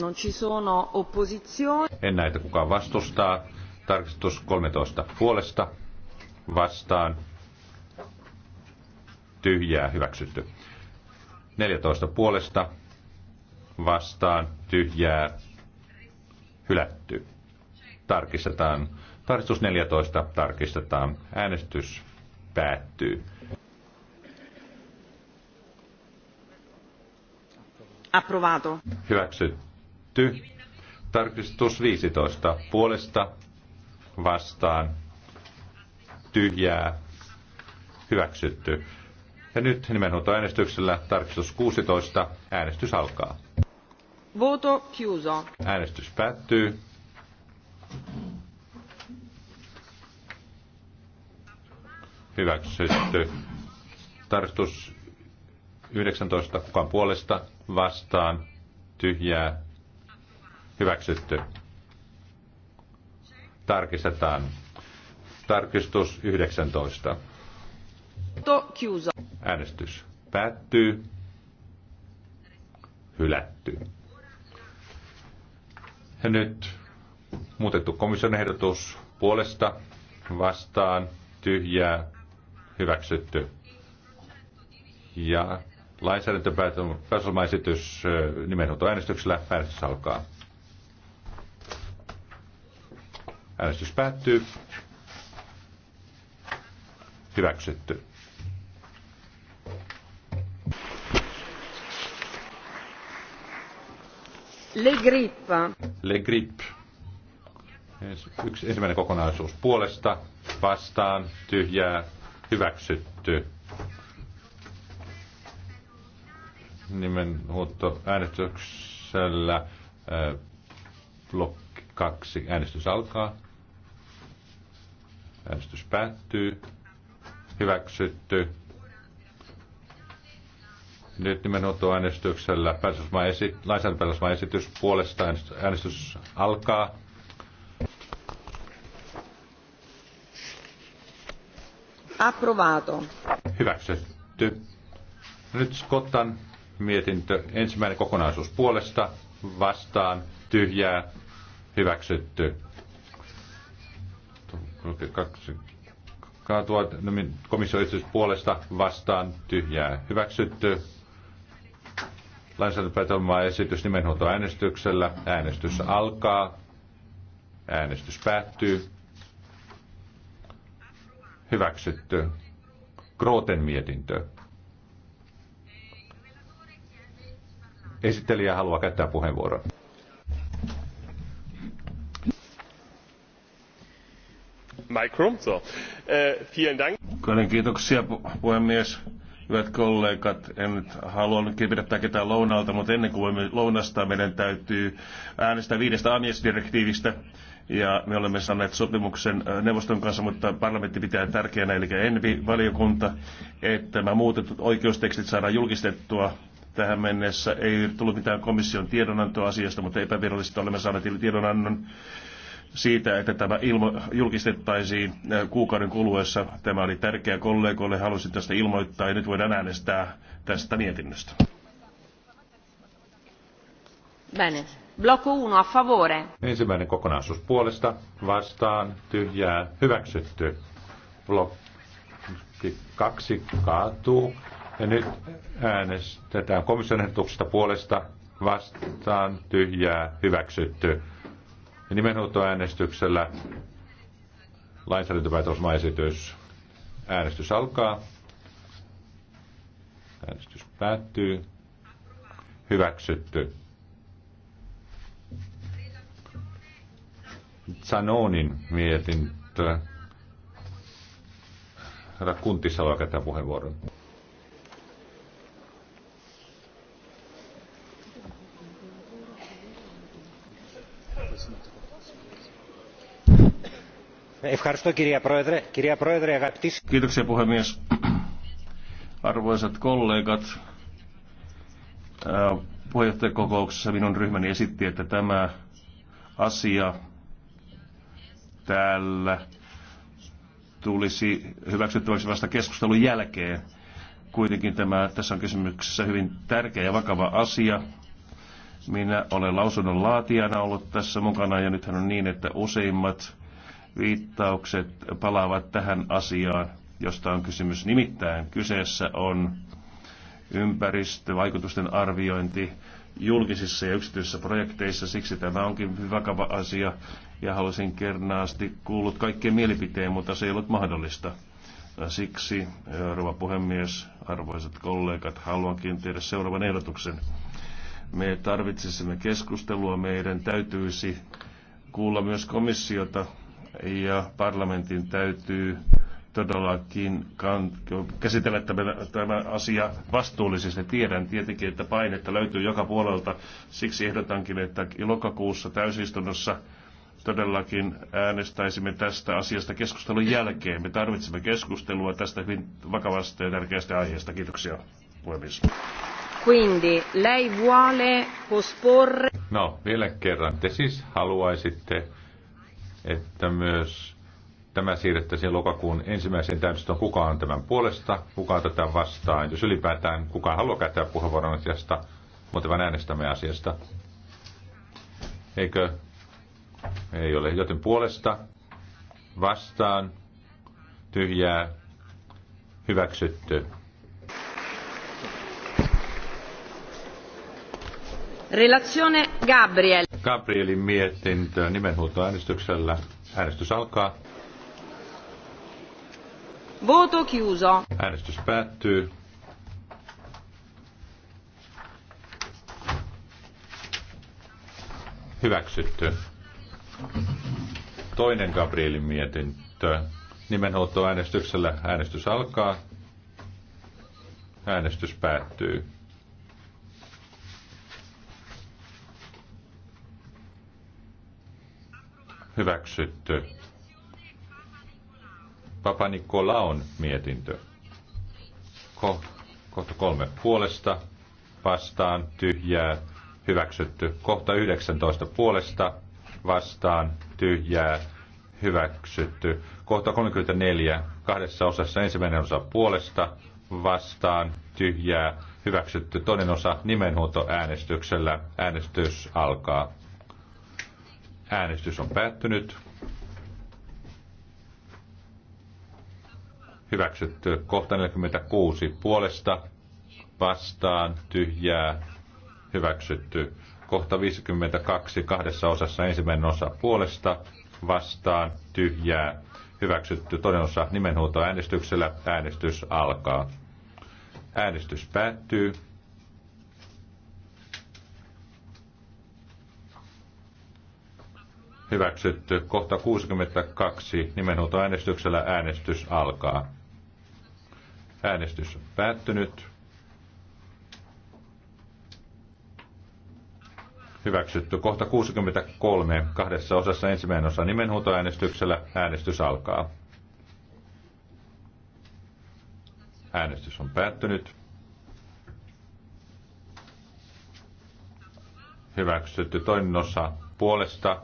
Non ci sono opposizione. En näitä kukaan vastustaa. Tarkistus 13 puolesta vastaan. Tyhjää hyväksytty. 14 puolesta vastaan tyhjää hylätty. Tarkistetaan. Tarkistus 14 tarkistetaan. Äänestys päättyy. Approvato. Hyväksytty. Tarkistus 15. Puolesta vastaan tyhjää hyväksytty. Ja nyt äänestyksellä tarkistus 16. Äänestys alkaa. Voto chiuso. Äänestys päättyy. Hyväksytty. Tarkistus 19. Kukaan puolesta? Vastaan. Tyhjää. Hyväksytty. Tarkistetaan. Tarkistus 19. Voto chiuso. Äänestys päättyy. Hylätty. Ja nyt muutettu komission ehdotus puolesta vastaan tyhjää hyväksytty. Ja lainsäädäntöpäätösmaesitys äänestyksellä. Äänestys alkaa. Äänestys päättyy. Hyväksytty. Le Grip. Le Grip. Yksi ensimmäinen kokonaisuus puolesta, vastaan, tyhjää, hyväksytty. Nimenhuutto äänestyksellä äh, blokki kaksi. Äänestys alkaa. Äänestys päättyy. Hyväksytty. Nyt nimenomaan äänestyksellä lainsäädäntöpäätösmaan esitys puolesta äänestys alkaa. Approvato. Hyväksytty. Nyt Skottan mietintö. Ensimmäinen kokonaisuus puolesta, vastaan, tyhjää, hyväksytty. Kaksi no niin, puolesta vastaan tyhjää hyväksytty. Lainsäädäntöpäätelmää esitys nimenhuoltoäänestyksellä. Äänestys alkaa. Äänestys päättyy. Hyväksytty. Krooten mietintö. Esittelijä haluaa käyttää puheenvuoron. Mike Rumso. Eh, vielen Dank. Kiitoksia puhemies Hyvät kollegat, en nyt halua kirjoittaa ketään lounalta, mutta ennen kuin voimme lounastaa, meidän täytyy äänestää viidestä amiesdirektiivistä. Ja me olemme saaneet sopimuksen äh, neuvoston kanssa, mutta parlamentti pitää tärkeänä, eli ENVI-valiokunta, että nämä muutetut oikeustekstit saadaan julkistettua tähän mennessä. Ei tullut mitään komission tiedonantoa asiasta, mutta epävirallisesti olemme saaneet tiedonannon siitä, että tämä ilmo, julkistettaisiin kuukauden kuluessa. Tämä oli tärkeä kollegoille, halusin tästä ilmoittaa ja nyt voidaan äänestää tästä mietinnöstä. Bene. Blocco 1 a favore. Ensimmäinen kokonaisuus puolesta, vastaan, tyhjää, hyväksytty. Blokki 2 kaatuu. Ja nyt äänestetään komission ehdotuksesta puolesta, vastaan, tyhjää, hyväksytty. Nimenhuutoäänestyksellä lainsäädäntöpäätösmaesitys. Äänestys alkaa. Äänestys päättyy. Hyväksytty. Sanonin mietintö. Herra Kuntissa haluaa käyttää puheenvuoron. Thank you arvoisa puhemies. Arvoisat kollegat, puheenjohtajakokouksessa minun ryhmäni esitti, että tämä asia täällä tulisi hyväksyttäväksi vasta keskustelun jälkeen. Kuitenkin tämä, tässä on kysymyksessä hyvin tärkeä ja vakava asia. Minä olen lausunnon laatijana ollut tässä mukana ja nythän on niin, että useimmat viittaukset palaavat tähän asiaan, josta on kysymys. Nimittäin kyseessä on ympäristövaikutusten arviointi julkisissa ja yksityisissä projekteissa. Siksi tämä onkin vakava asia ja halusin kernaasti kuullut kaikkien mielipiteen, mutta se ei ollut mahdollista. Siksi, rouva puhemies, arvoisat kollegat, haluankin tehdä seuraavan ehdotuksen. Me tarvitsisimme keskustelua, meidän täytyisi kuulla myös komissiota ja parlamentin täytyy todellakin käsitellä tämä, tämä asia vastuullisesti. Tiedän tietenkin, että painetta löytyy joka puolelta. Siksi ehdotankin, että lokakuussa täysistunnossa todellakin äänestäisimme tästä asiasta keskustelun jälkeen. Me tarvitsemme keskustelua tästä hyvin vakavasta ja tärkeästä aiheesta. Kiitoksia, puhemies. Quindi lei vuole posporre... No, vielä kerran. Te siis haluaisitte että myös tämä siirrettäisiin lokakuun ensimmäiseen täysistuntoon. Kuka on tämän puolesta, kuka on tätä vastaan, jos ylipäätään kukaan haluaa käyttää puheenvuoron asiasta, mutta vain äänestämme asiasta. Eikö? Ei ole. Joten puolesta, vastaan, tyhjää, hyväksytty. Relazione Gabriel. Gabrielin mietintö nimenhuutoäänestyksellä. Äänestys alkaa. Voto chiuso. Äänestys päättyy. Hyväksytty. Toinen Gabrielin mietintö. Nimenhuoltoäänestyksellä äänestys alkaa. Äänestys päättyy. hyväksytty. Papa Nikolaon mietintö. Ko, kohta kolme puolesta, vastaan, tyhjää, hyväksytty. Kohta 19 puolesta, vastaan, tyhjää, hyväksytty. Kohta 34, kahdessa osassa ensimmäinen osa puolesta, vastaan, tyhjää, hyväksytty. Toinen osa äänestyksellä Äänestys alkaa. Äänestys on päättynyt. Hyväksytty. Kohta 46 puolesta. Vastaan. Tyhjää. Hyväksytty. Kohta 52 kahdessa osassa ensimmäinen osa puolesta. Vastaan. Tyhjää. Hyväksytty. Toinen osa äänestyksellä Äänestys alkaa. Äänestys päättyy. hyväksytty. Kohta 62 nimenhuutoäänestyksellä äänestys alkaa. Äänestys on päättynyt. Hyväksytty. Kohta 63. Kahdessa osassa ensimmäinen osa nimenhuutoäänestyksellä. Äänestys alkaa. Äänestys on päättynyt. Hyväksytty. Toinen osa puolesta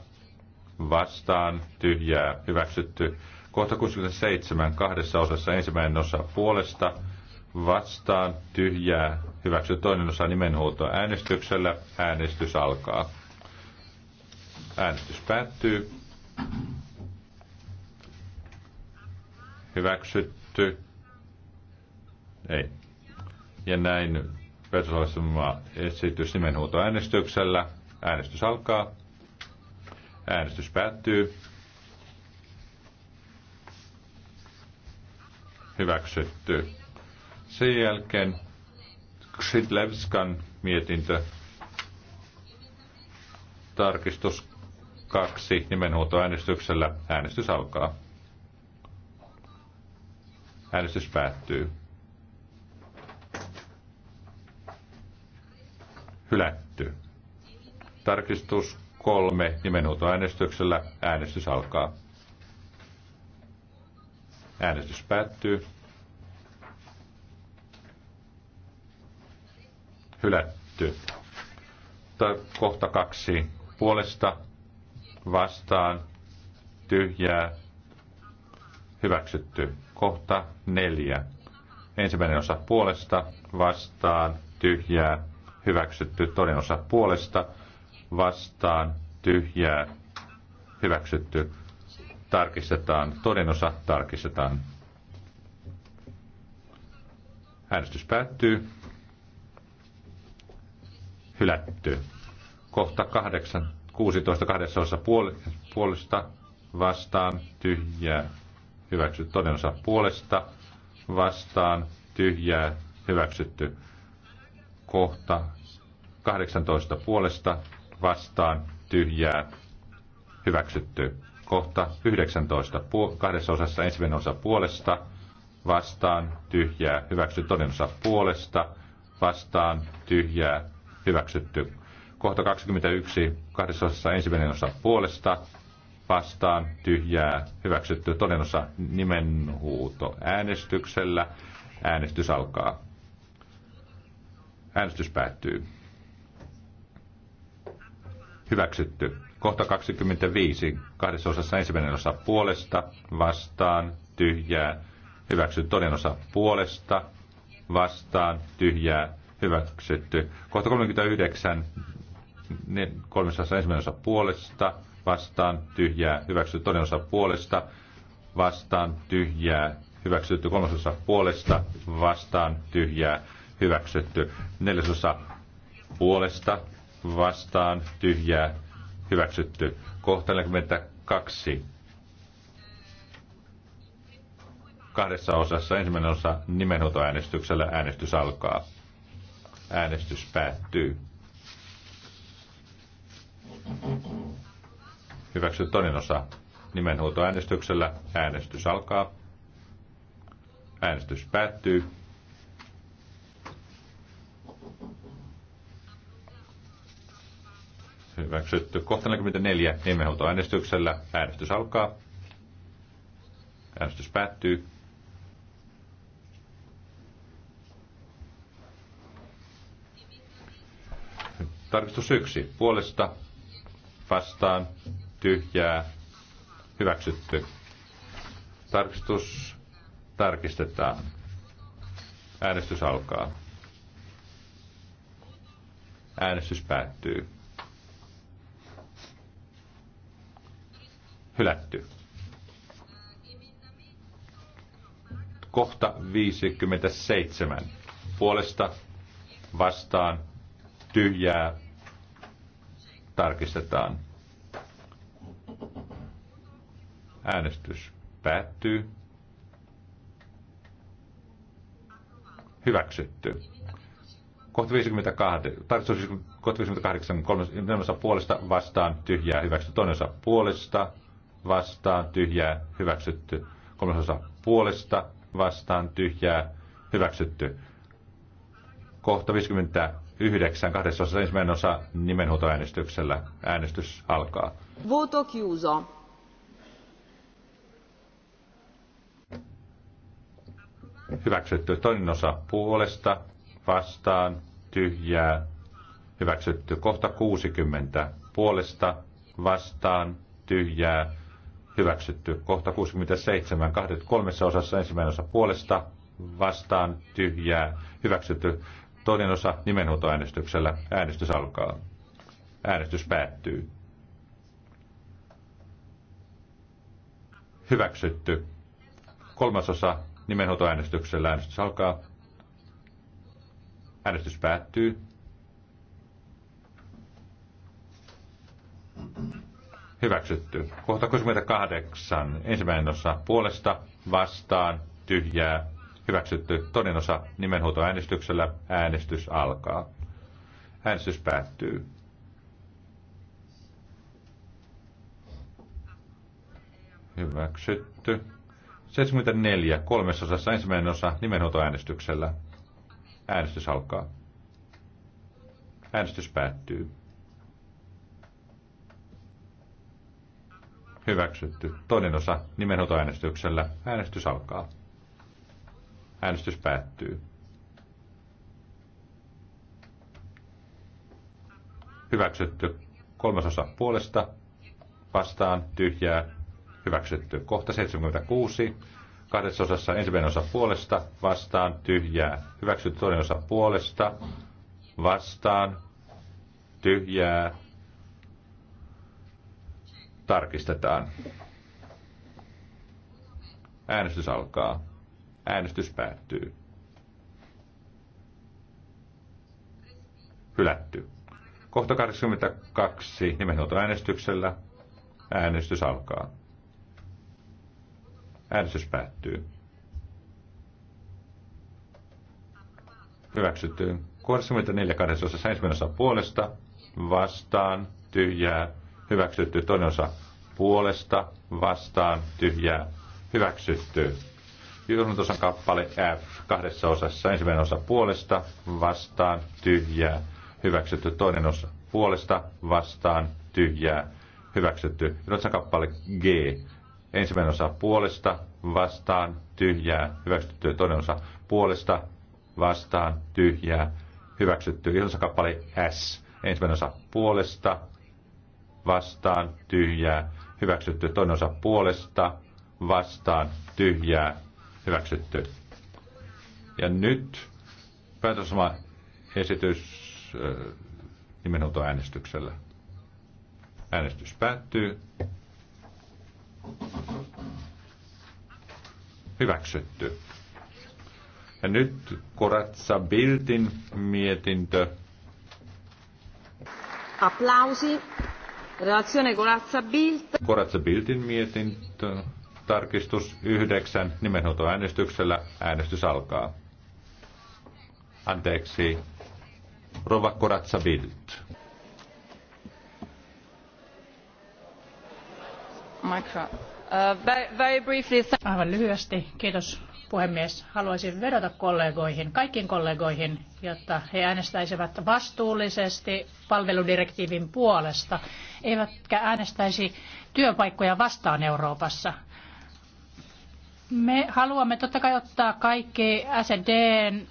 vastaan, tyhjää, hyväksytty. Kohta 67 kahdessa osassa ensimmäinen osa puolesta, vastaan, tyhjää, hyväksytty toinen osa nimenhuuto äänestyksellä, äänestys alkaa. Äänestys päättyy. Hyväksytty. Ei. Ja näin perustuslaisema esitys äänestyksellä Äänestys alkaa. Äänestys päättyy. Hyväksytty. Sen jälkeen Ksidlevskan mietintö. Tarkistus kaksi nimenhuutoäänestyksellä. Äänestys alkaa. Äänestys päättyy. Hylätty. Tarkistus 3 äänestyksellä. Äänestys alkaa. Äänestys päättyy. Hylätty. Kohta kaksi. Puolesta vastaan tyhjää hyväksytty. Kohta neljä. Ensimmäinen osa puolesta vastaan tyhjää hyväksytty. Toinen osa puolesta vastaan tyhjää hyväksytty. Tarkistetaan, toden osa tarkistetaan. Äänestys päättyy. Hylätty. Kohta 8, 16 kahdessa osa puolesta vastaan tyhjää hyväksytty. Toden osa puolesta vastaan tyhjää hyväksytty. Kohta 18 puolesta vastaan tyhjää hyväksytty. Kohta 19. Kahdessa osassa ensimmäinen osa puolesta vastaan tyhjää hyväksytty. Toinen osa puolesta vastaan tyhjää hyväksytty. Kohta 21. Kahdessa osassa ensimmäinen osa puolesta vastaan tyhjää hyväksytty. Toinen osa nimenhuuto äänestyksellä. Äänestys alkaa. Äänestys päättyy. Hyväksytty. Kohta 25. Kahdessa osassa ensimmäinen osa puolesta, vastaan, tyhjää. Hyväksytty. Toinen osa puolesta, vastaan, tyhjää. Hyväksytty. Kohta 39. Kolmessa osassa ensimmäinen osa puolesta, vastaan, tyhjää. Hyväksytty. Toinen osa puolesta, vastaan, tyhjää. Hyväksytty. Kolmasosa puolesta, vastaan, tyhjää. Hyväksytty. Neljäsosa puolesta, vastaan tyhjää hyväksytty. Kohta 42. Kahdessa osassa ensimmäinen osa nimenhuutoäänestyksellä äänestys alkaa. Äänestys päättyy. Hyväksytty toinen osa nimenhuutoäänestyksellä äänestys alkaa. Äänestys päättyy. hyväksytty. Kohta 44 nimenhuoltoäänestyksellä. Äänestys alkaa. Äänestys päättyy. Tarkistus yksi. Puolesta vastaan tyhjää hyväksytty. Tarkistus tarkistetaan. Äänestys alkaa. Äänestys päättyy. hylätty. Kohta 57. Puolesta vastaan tyhjää tarkistetaan. Äänestys päättyy. Hyväksytty. Kohta 58, tarkistus, kohta 58 kolmas, puolesta vastaan tyhjää hyväksytty. Toinen osa puolesta vastaan tyhjää hyväksytty. Kolmasosa puolesta vastaan tyhjää hyväksytty. Kohta 59, kahdessa osassa ensimmäinen osa nimenhuutoäänestyksellä. Äänestys alkaa. Voto chiuso. Hyväksytty. Toinen osa puolesta, vastaan, tyhjää, hyväksytty. Kohta 60. Puolesta, vastaan, tyhjää, hyväksytty. Kohta 67, kahdet kolmessa osassa, ensimmäinen osa puolesta, vastaan, tyhjää, hyväksytty. Toinen osa nimenhuutoäänestyksellä. Äänestys alkaa. Äänestys päättyy. Hyväksytty. Kolmas osa nimenhuutoäänestyksellä. Äänestys alkaa. Äänestys päättyy hyväksytty. Kohta 68, ensimmäinen osa puolesta, vastaan, tyhjää, hyväksytty. Toinen osa nimenhuutoäänestyksellä, äänestys alkaa. Äänestys päättyy. Hyväksytty. 74, osassa ensimmäinen osa nimenhuutoäänestyksellä. Äänestys alkaa. Äänestys päättyy. Hyväksytty. Toinen osa nimenhoitoäänestyksellä. Äänestys alkaa. Äänestys päättyy. Hyväksytty. osa puolesta. Vastaan. Tyhjää. Hyväksytty. Kohta 76. Kahdessa osassa ensimmäinen osa puolesta. Vastaan. Tyhjää. Hyväksytty. Toinen osa puolesta. Vastaan. Tyhjää Tarkistetaan. Äänestys alkaa. Äänestys päättyy. Hylätty. Kohta 82 äänestyksellä. Äänestys alkaa. Äänestys päättyy. Hyväksytty. 64 kahdessa osassa ensimmäinen osa puolesta, vastaan, tyhjää, hyväksytty. Toinen osa puolesta, vastaan, tyhjää, hyväksytty. Juhlantosan kappale F kahdessa osassa. Ensimmäinen osa puolesta, vastaan, tyhjää, hyväksytty. Toinen osa puolesta, vastaan, tyhjää, hyväksytty. Juhlantosan kappale G. Ensimmäinen osa puolesta, vastaan, tyhjää, hyväksytty. Toinen osa puolesta, vastaan, tyhjää, hyväksytty. Juhlantosan kappale S. Ensimmäinen osa puolesta, vastaan, tyhjää, hyväksytty. Toinen osa puolesta, vastaan, tyhjää, hyväksytty. Ja nyt päätösoma esitys nimenhuutoäänestyksellä. Äänestys päättyy. Hyväksytty. Ja nyt Koratsa Biltin mietintö. Aplausi Relazione Corazza Corazza Biltin mietintö. Tarkistus 9. Nimenhoitoäänestyksellä äänestys alkaa. Anteeksi. Rova Corazza Bilt. Uh, very, briefly. Aivan lyhyesti. Kiitos puhemies, haluaisin vedota kollegoihin, kaikkiin kollegoihin, jotta he äänestäisivät vastuullisesti palveludirektiivin puolesta, eivätkä äänestäisi työpaikkoja vastaan Euroopassa. Me haluamme totta kai ottaa kaikki SDn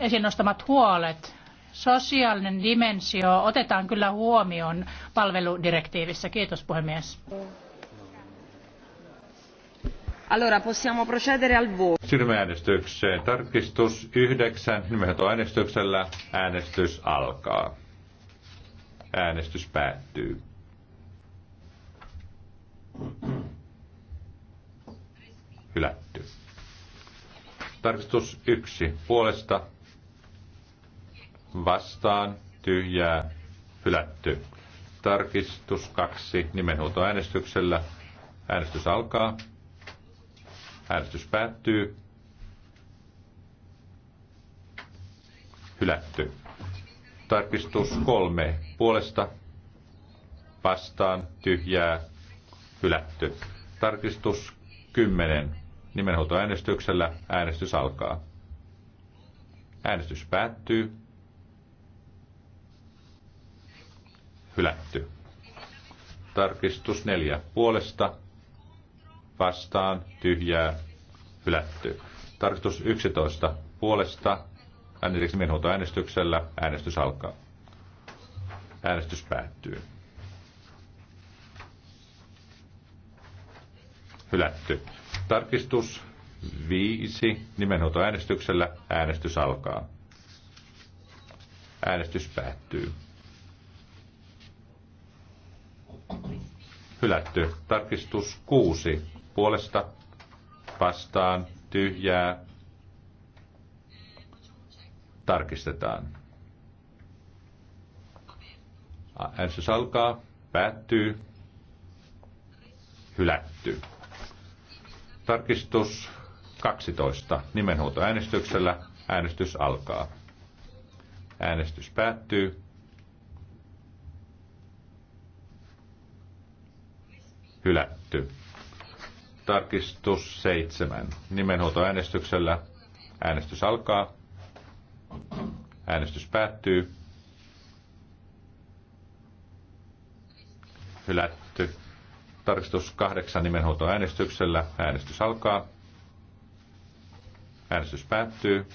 esiin nostamat huolet. Sosiaalinen dimensio otetaan kyllä huomioon palveludirektiivissä. Kiitos puhemies. Allora possiamo procedere al voto. Siirrymme äänestykseen. Tarkistus 9. Nimenhoito äänestyksellä. Äänestys alkaa. Äänestys päättyy. Hylätty. Tarkistus 1. Puolesta. Vastaan. Tyhjää. Hylätty. Tarkistus 2. Nimenhuutoäänestyksellä. Äänestys alkaa. Äänestys päättyy. Hylätty. Tarkistus kolme. Puolesta vastaan tyhjää hylätty. Tarkistus 10. Nimenhuoltoäänestyksellä äänestys alkaa. Äänestys päättyy. Hylätty. Tarkistus 4. Puolesta vastaan, tyhjää, hylätty. Tarkistus 11 puolesta, äänesteksi äänestyksellä, äänestys alkaa. Äänestys päättyy. Hylätty. Tarkistus 5 nimenhuutoäänestyksellä, äänestys alkaa. Äänestys päättyy. Hylätty. Tarkistus 6 puolesta vastaan tyhjää tarkistetaan. Äänestys alkaa, päättyy, hylätty. Tarkistus 12 nimenhuutoäänestyksellä. Äänestys alkaa. Äänestys päättyy. Hylätty. Tarkistus 7. Nimenhuoltoäänestyksellä. Äänestys alkaa. Äänestys päättyy. Hylätty. Tarkistus 8 nimenhuoltoäänestyksellä. Äänestys alkaa. Äänestys päättyy.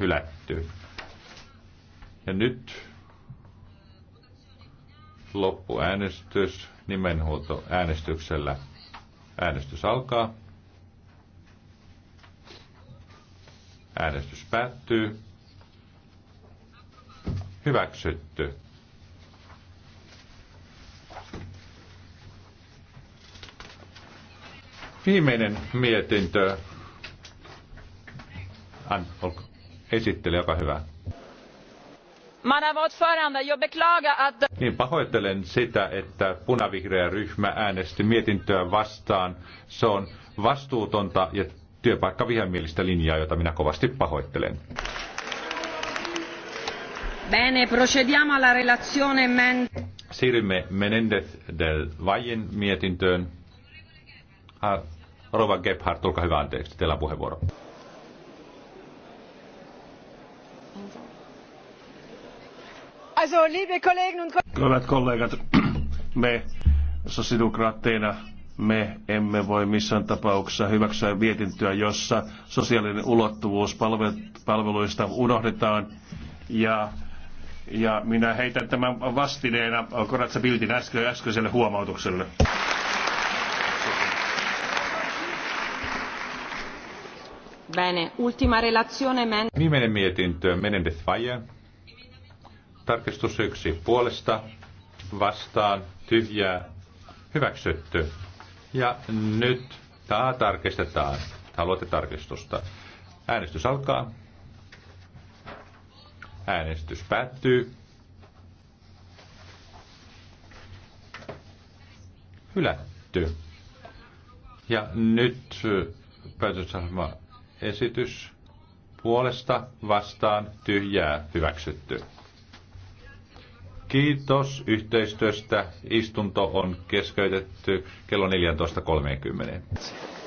Hylätty. Ja nyt Loppuäänestys nimenhuolto äänestyksellä. Äänestys alkaa. Äänestys päättyy. Hyväksytty. Viimeinen mietintö. An, olko, esittely, joka hyvä. Niin pahoittelen sitä, että punavihreä ryhmä äänesti mietintöä vastaan. Se on vastuutonta ja työpaikkavihamielistä linjaa, jota minä kovasti pahoittelen. Bene, procediamo alla relazione men... Siirrymme Menendez del Vajen mietintöön. Ah, Rova Gebhardt, olkaa hyvä anteeksi, teillä on puheenvuoro. Also, Hyvät kollegat, [clears throat] me sosiaalidemokraatteina me emme voi missään tapauksessa hyväksyä mietintöä, jossa sosiaalinen ulottuvuus palveluista unohdetaan ja ja minä heitän tämän vastineena Koratsa Biltin äsken, äskeiselle huomautukselle. Bene, ultima relazione men... Viimeinen mietintö, Menendez Faye. Tarkistus yksi puolesta vastaan tyhjää hyväksytty. Ja nyt tämä tarkistetaan. Haluatte tarkistusta. Äänestys alkaa. Äänestys päättyy. Hylätty. Ja nyt päätösasema esitys puolesta vastaan tyhjää hyväksytty. Kiitos yhteistyöstä. Istunto on keskeytetty kello 14.30.